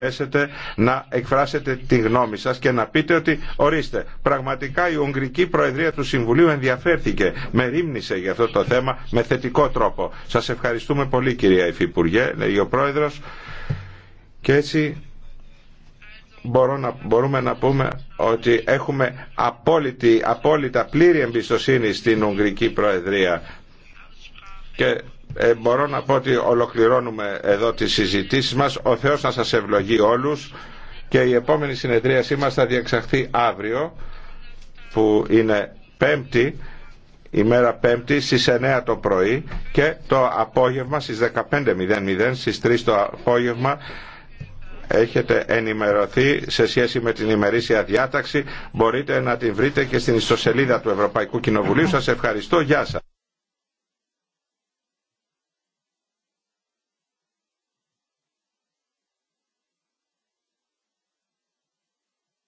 μπορέσετε να εκφράσετε τη γνώμη σας και να πείτε ότι ορίστε πραγματικά η Ουγγρική Προεδρία του Συμβουλίου ενδιαφέρθηκε, με ρήμνησε για αυτό το θέμα με θετικό τρόπο. Σας ευχαριστούμε πολύ κυρία Υφυπουργέ, λέει ο Πρόεδρος και έτσι μπορώ να, μπορούμε να πούμε ότι έχουμε απόλυτη, απόλυτα πλήρη εμπιστοσύνη στην Ουγγρική Προεδρία και ε, μπορώ να πω ότι ολοκληρώνουμε εδώ τις συζητήσεις μας. Ο Θεός να σας ευλογεί όλους και η επόμενη συνεδρίασή μας θα διεξαχθεί αύριο που είναι πέμπτη ημέρα πέμπτη στις 9 το πρωί και το απόγευμα στις 15.00 στις 3 το απόγευμα έχετε ενημερωθεί σε σχέση με την ημερήσια διάταξη μπορείτε να την βρείτε και στην ιστοσελίδα του Ευρωπαϊκού Κοινοβουλίου σας ευχαριστώ, γεια σας